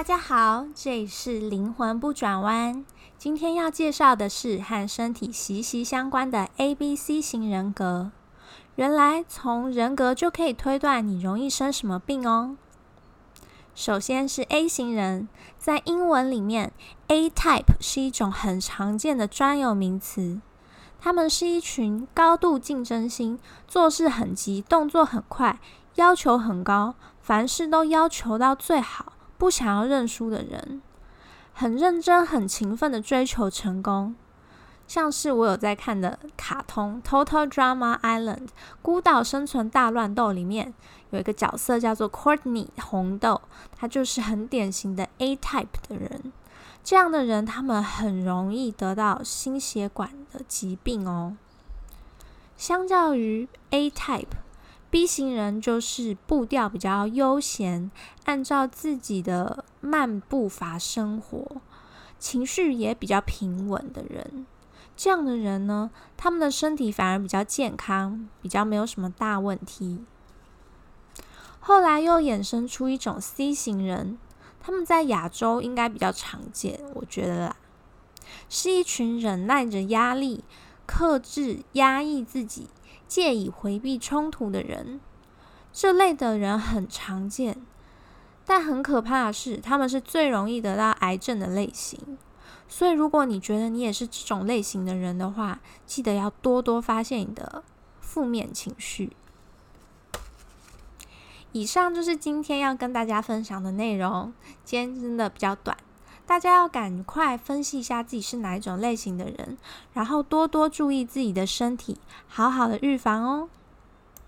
大家好，這裡是靈魂不轉彎。今天要介紹的是和身體息息相關的 ABC 型人格。原來從人格就可以推斷你容易生什麼病哦。首先是 A 型人，在英文裡面 A type 是一種很常見的專有名詞。他們是一群高度競爭心，做事很急，動作很快，要求很高，凡事都要求到最好。不想要認輸的人，很認真、很勤奮的追求成功，像是我有在看的卡通《Total Drama Island》孤島生存大亂鬥裡面，有一個角色叫做 Courtney 紅豆，他就是很典型的 A type 的人。這樣的人，他們很容易得到心血管的疾病哦。相較於 A type。B 型人就是步調比較悠閒，按照自己的慢步伐生活，情緒也比較平穩的人。這樣的人呢，他們的身體反而比較健康，比較沒有什麼大問題。後來又衍生出一種 C 型人，他們在亞洲應該比較常見，我覺得啦，是一群忍耐着壓力、克制壓抑自己。借以回避衝突的人，這類的人很常見，但很可怕的是，他們是最容易得到癌症的類型。所以，如果你覺得你也是這種類型的人的話，記得要多多發現你的負面情緒。以上就是今天要跟大家分享的內容。今天真的比較短。大家要趕快分析一下自己是哪一種類型的人，然後多多注意自己的身體，好好的預防哦。